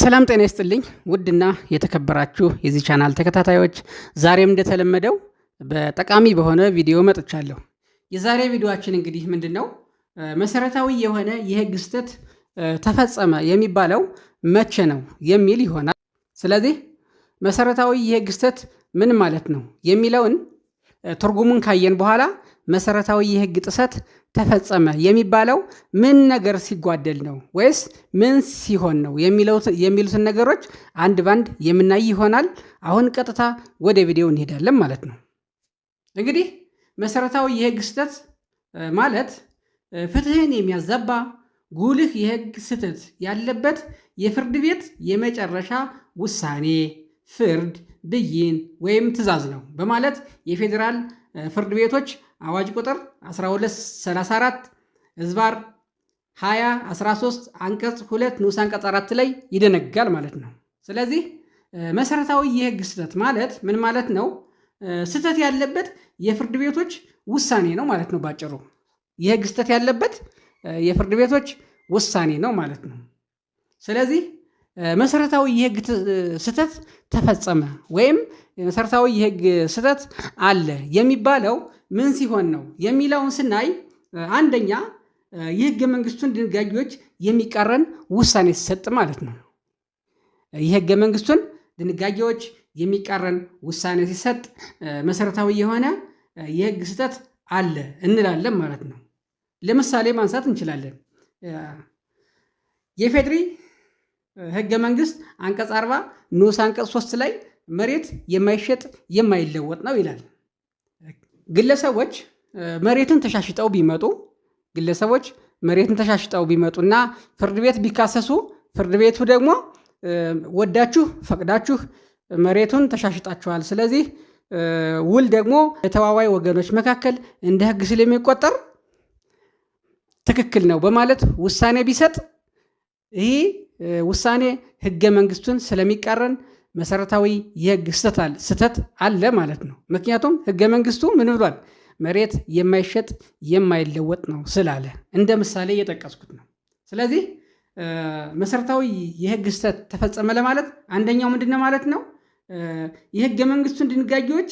ሰላም ጤና ይስጥልኝ ውድና የተከበራችሁ የዚህ ቻናል ተከታታዮች፣ ዛሬም እንደተለመደው በጠቃሚ በሆነ ቪዲዮ መጥቻለሁ። የዛሬ ቪዲዮችን እንግዲህ ምንድን ነው መሰረታዊ የሆነ የህግ ስህተት ተፈጸመ የሚባለው መቼ ነው የሚል ይሆናል። ስለዚህ መሰረታዊ የህግ ስህተት ምን ማለት ነው የሚለውን ትርጉሙን ካየን በኋላ መሰረታዊ የህግ ጥሰት ተፈጸመ የሚባለው ምን ነገር ሲጓደል ነው ወይስ ምን ሲሆን ነው የሚሉትን ነገሮች አንድ ባንድ የምናይ ይሆናል። አሁን ቀጥታ ወደ ቪዲዮ እንሄዳለን ማለት ነው። እንግዲህ መሰረታዊ የህግ ስህተት ማለት ፍትህን የሚያዛባ ጉልህ የህግ ስህተት ያለበት የፍርድ ቤት የመጨረሻ ውሳኔ፣ ፍርድ፣ ብይን ወይም ትዕዛዝ ነው በማለት የፌዴራል ፍርድ ቤቶች አዋጅ ቁጥር 1234 እዝባር 20 13 አንቀጽ 2 ንዑስ አንቀጽ 4 ላይ ይደነጋል ማለት ነው። ስለዚህ መሰረታዊ የህግ ስህተት ማለት ምን ማለት ነው? ስህተት ያለበት የፍርድ ቤቶች ውሳኔ ነው ማለት ነው። ባጭሩ የህግ ስህተት ያለበት የፍርድ ቤቶች ውሳኔ ነው ማለት ነው። ስለዚህ መሰረታዊ የህግ ስህተት ተፈጸመ ወይም መሰረታዊ የህግ ስህተት አለ የሚባለው ምን ሲሆን ነው የሚለውን ስናይ አንደኛ የህገ መንግስቱን ድንጋጌዎች የሚቃረን ውሳኔ ሲሰጥ ማለት ነው። የህገ መንግስቱን ድንጋጌዎች የሚቃረን ውሳኔ ሲሰጥ መሰረታዊ የሆነ የህግ ስህተት አለ እንላለን ማለት ነው። ለምሳሌ ማንሳት እንችላለን። የፌድሪ ህገ መንግስት አንቀጽ አርባ ንዑስ አንቀጽ ሶስት ላይ መሬት የማይሸጥ የማይለወጥ ነው ይላል። ግለሰቦች መሬትን ተሻሽጠው ቢመጡ ግለሰቦች መሬትን ተሻሽጠው ቢመጡና ፍርድ ቤት ቢካሰሱ ፍርድ ቤቱ ደግሞ ወዳችሁ ፈቅዳችሁ መሬቱን ተሻሽጣችኋል፣ ስለዚህ ውል ደግሞ የተዋዋይ ወገኖች መካከል እንደ ሕግ ስለሚቆጠር ትክክል ነው በማለት ውሳኔ ቢሰጥ ይህ ውሳኔ ሕገ መንግስቱን ስለሚቃረን መሰረታዊ የህግ ስህተት አለ ማለት ነው። ምክንያቱም ህገ መንግስቱ ምን ብሏል? መሬት የማይሸጥ የማይለወጥ ነው ስላለ እንደ ምሳሌ የጠቀስኩት ነው። ስለዚህ መሰረታዊ የህግ ስህተት ተፈጸመ ለማለት አንደኛው ምንድነው ማለት ነው? የህገ መንግስቱን ድንጋጌዎች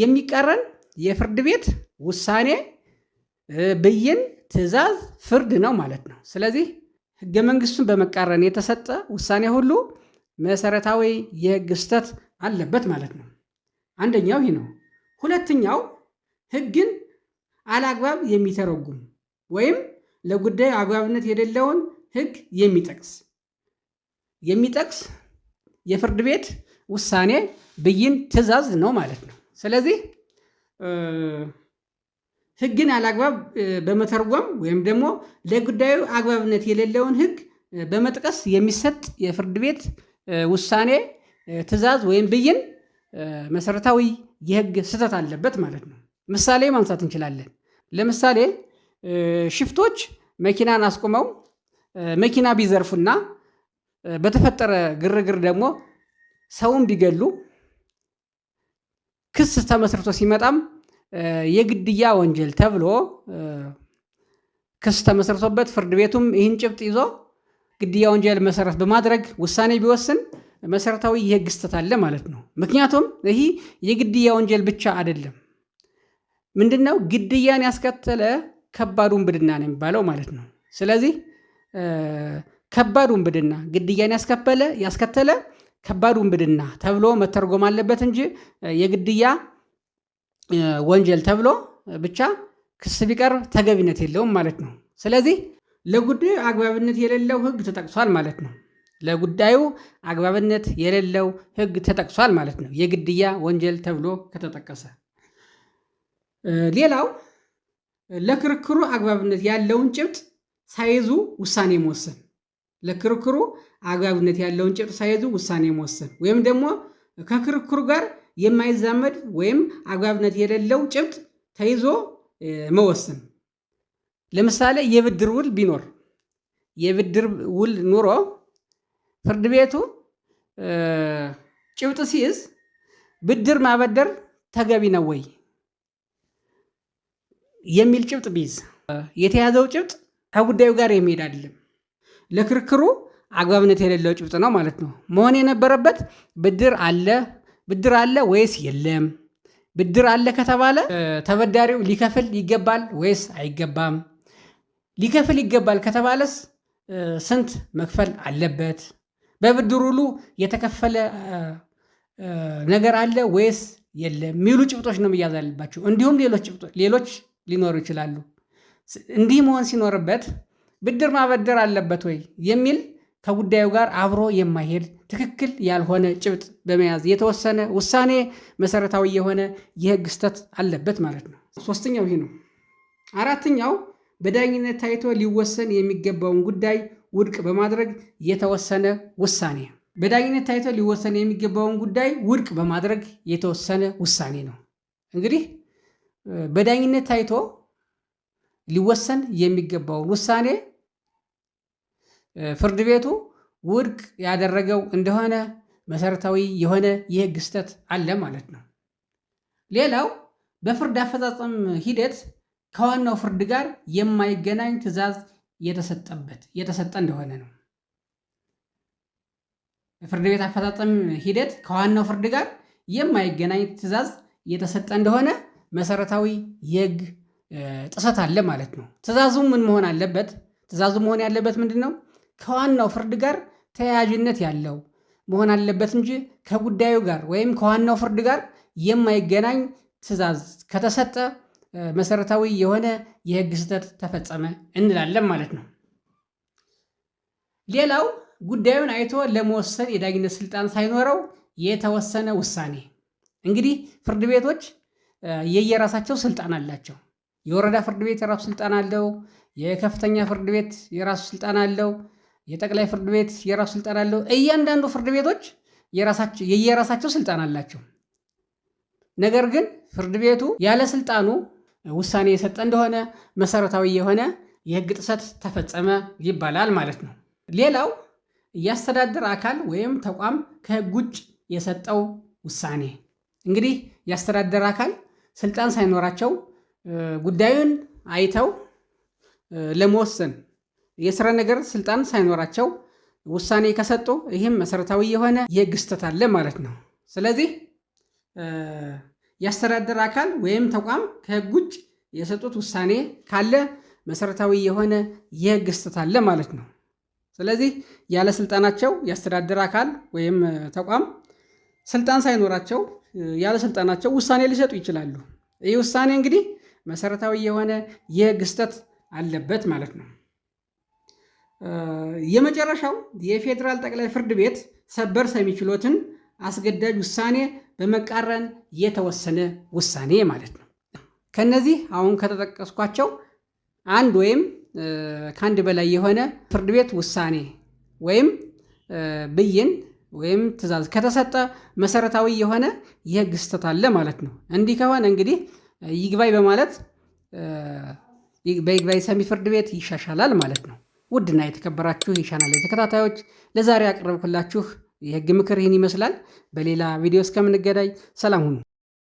የሚቃረን የፍርድ ቤት ውሳኔ፣ ብይን፣ ትዕዛዝ፣ ፍርድ ነው ማለት ነው። ስለዚህ ህገ መንግስቱን በመቃረን የተሰጠ ውሳኔ ሁሉ መሰረታዊ የህግ ስህተት አለበት ማለት ነው። አንደኛው ይህ ነው። ሁለተኛው ህግን አላግባብ የሚተረጉም ወይም ለጉዳዩ አግባብነት የሌለውን ህግ የሚጠቅስ የሚጠቅስ የፍርድ ቤት ውሳኔ፣ ብይን፣ ትዕዛዝ ነው ማለት ነው። ስለዚህ ህግን አላግባብ በመተርጎም ወይም ደግሞ ለጉዳዩ አግባብነት የሌለውን ህግ በመጥቀስ የሚሰጥ የፍርድ ቤት ውሳኔ፣ ትዕዛዝ ወይም ብይን መሰረታዊ የህግ ስህተት አለበት ማለት ነው። ምሳሌ ማንሳት እንችላለን። ለምሳሌ ሽፍቶች መኪናን አስቁመው መኪና ቢዘርፉና በተፈጠረ ግርግር ደግሞ ሰውን ቢገሉ ክስ ተመስርቶ ሲመጣም የግድያ ወንጀል ተብሎ ክስ ተመስርቶበት ፍርድ ቤቱም ይህን ጭብጥ ይዞ ግድያ ወንጀል መሰረት በማድረግ ውሳኔ ቢወስን መሰረታዊ የህግ ስህተት አለ ማለት ነው። ምክንያቱም ይህ የግድያ ወንጀል ብቻ አይደለም። ምንድን ነው ግድያን ያስከተለ ከባድ ውንብድና ነው የሚባለው ማለት ነው። ስለዚህ ከባድ ውንብድና ግድያን ያስከፈለ ያስከተለ ከባድ ውንብድና ተብሎ መተርጎም አለበት እንጂ የግድያ ወንጀል ተብሎ ብቻ ክስ ቢቀርብ ተገቢነት የለውም ማለት ነው። ስለዚህ ለጉዳዩ አግባብነት የሌለው ህግ ተጠቅሷል ማለት ነው። ለጉዳዩ አግባብነት የሌለው ህግ ተጠቅሷል ማለት ነው። የግድያ ወንጀል ተብሎ ከተጠቀሰ ሌላው ለክርክሩ አግባብነት ያለውን ጭብጥ ሳይዙ ውሳኔ መወሰን ለክርክሩ አግባብነት ያለውን ጭብጥ ሳይዙ ውሳኔ መወሰን ወይም ደግሞ ከክርክሩ ጋር የማይዛመድ ወይም አግባብነት የሌለው ጭብጥ ተይዞ መወሰን ለምሳሌ የብድር ውል ቢኖር የብድር ውል ኑሮ ፍርድ ቤቱ ጭብጥ ሲይዝ ብድር ማበደር ተገቢ ነው ወይ የሚል ጭብጥ ቢይዝ የተያዘው ጭብጥ ከጉዳዩ ጋር የሚሄድ አይደለም። ለክርክሩ አግባብነት የሌለው ጭብጥ ነው ማለት ነው። መሆን የነበረበት ብድር አለ ብድር አለ ወይስ የለም? ብድር አለ ከተባለ ተበዳሪው ሊከፍል ይገባል ወይስ አይገባም? ሊከፍል ይገባል ከተባለስ ስንት መክፈል አለበት? በብድር ሁሉ የተከፈለ ነገር አለ ወይስ የለም የሚሉ ጭብጦች ነው መያዝ አለባቸው። እንዲሁም ሌሎች ሊኖሩ ይችላሉ። እንዲህ መሆን ሲኖርበት ብድር ማበደር አለበት ወይ የሚል ከጉዳዩ ጋር አብሮ የማይሄድ ትክክል ያልሆነ ጭብጥ በመያዝ የተወሰነ ውሳኔ መሰረታዊ የሆነ የህግ ስህተት አለበት ማለት ነው። ሶስተኛው ይህ ነው። አራተኛው በዳኝነት ታይቶ ሊወሰን የሚገባውን ጉዳይ ውድቅ በማድረግ የተወሰነ ውሳኔ በዳኝነት ታይቶ ሊወሰን የሚገባውን ጉዳይ ውድቅ በማድረግ የተወሰነ ውሳኔ ነው። እንግዲህ በዳኝነት ታይቶ ሊወሰን የሚገባውን ውሳኔ ፍርድ ቤቱ ውድቅ ያደረገው እንደሆነ መሰረታዊ የሆነ የህግ ስህተት አለ ማለት ነው። ሌላው በፍርድ አፈጻጸም ሂደት ከዋናው ፍርድ ጋር የማይገናኝ ትዕዛዝ የተሰጠበት የተሰጠ እንደሆነ ነው። የፍርድ ቤት አፈጻጸም ሂደት ከዋናው ፍርድ ጋር የማይገናኝ ትዕዛዝ የተሰጠ እንደሆነ መሰረታዊ የህግ ጥሰት አለ ማለት ነው። ትዕዛዙ ምን መሆን አለበት? ትዕዛዙ መሆን ያለበት ምንድን ነው? ከዋናው ፍርድ ጋር ተያያዥነት ያለው መሆን አለበት እንጂ ከጉዳዩ ጋር ወይም ከዋናው ፍርድ ጋር የማይገናኝ ትዕዛዝ ከተሰጠ መሰረታዊ የሆነ የህግ ስህተት ተፈጸመ እንላለን ማለት ነው። ሌላው ጉዳዩን አይቶ ለመወሰን የዳኝነት ስልጣን ሳይኖረው የተወሰነ ውሳኔ። እንግዲህ ፍርድ ቤቶች የየራሳቸው ስልጣን አላቸው። የወረዳ ፍርድ ቤት የራሱ ስልጣን አለው። የከፍተኛ ፍርድ ቤት የራሱ ስልጣን አለው። የጠቅላይ ፍርድ ቤት የራሱ ስልጣን አለው። እያንዳንዱ ፍርድ ቤቶች የየራሳቸው ስልጣን አላቸው። ነገር ግን ፍርድ ቤቱ ያለ ስልጣኑ ውሳኔ የሰጠ እንደሆነ መሰረታዊ የሆነ የህግ ጥሰት ተፈጸመ ይባላል ማለት ነው። ሌላው የአስተዳደር አካል ወይም ተቋም ከህግ ውጭ የሰጠው ውሳኔ እንግዲህ የአስተዳደር አካል ስልጣን ሳይኖራቸው ጉዳዩን አይተው ለመወሰን የስረ ነገር ስልጣን ሳይኖራቸው ውሳኔ ከሰጡ ይህም መሰረታዊ የሆነ የህግ ስህተት አለ ማለት ነው። ስለዚህ ያስተዳደር አካል ወይም ተቋም ከህግ ውጭ የሰጡት ውሳኔ ካለ መሰረታዊ የሆነ የህግ ስህተት አለ ማለት ነው። ስለዚህ ያለ ስልጣናቸው ያስተዳደር አካል ወይም ተቋም ስልጣን ሳይኖራቸው ያለ ስልጣናቸው ውሳኔ ሊሰጡ ይችላሉ። ይህ ውሳኔ እንግዲህ መሰረታዊ የሆነ የህግ ስህተት አለበት ማለት ነው። የመጨረሻው የፌዴራል ጠቅላይ ፍርድ ቤት ሰበር ሰሚ ችሎትን አስገዳጅ ውሳኔ በመቃረን የተወሰነ ውሳኔ ማለት ነው። ከነዚህ አሁን ከተጠቀስኳቸው አንድ ወይም ከአንድ በላይ የሆነ ፍርድ ቤት ውሳኔ ወይም ብይን ወይም ትዕዛዝ ከተሰጠ መሰረታዊ የሆነ የሕግ ስህተት አለ ማለት ነው። እንዲህ ከሆነ እንግዲህ ይግባይ በማለት በይግባይ ሰሚ ፍርድ ቤት ይሻሻላል ማለት ነው። ውድና የተከበራችሁ የቻናሌ ተከታታዮች ለዛሬ ያቀረብኩላችሁ የህግ ምክር ይህን ይመስላል። በሌላ ቪዲዮ እስከምንገዳይ ሰላም ሁኑ።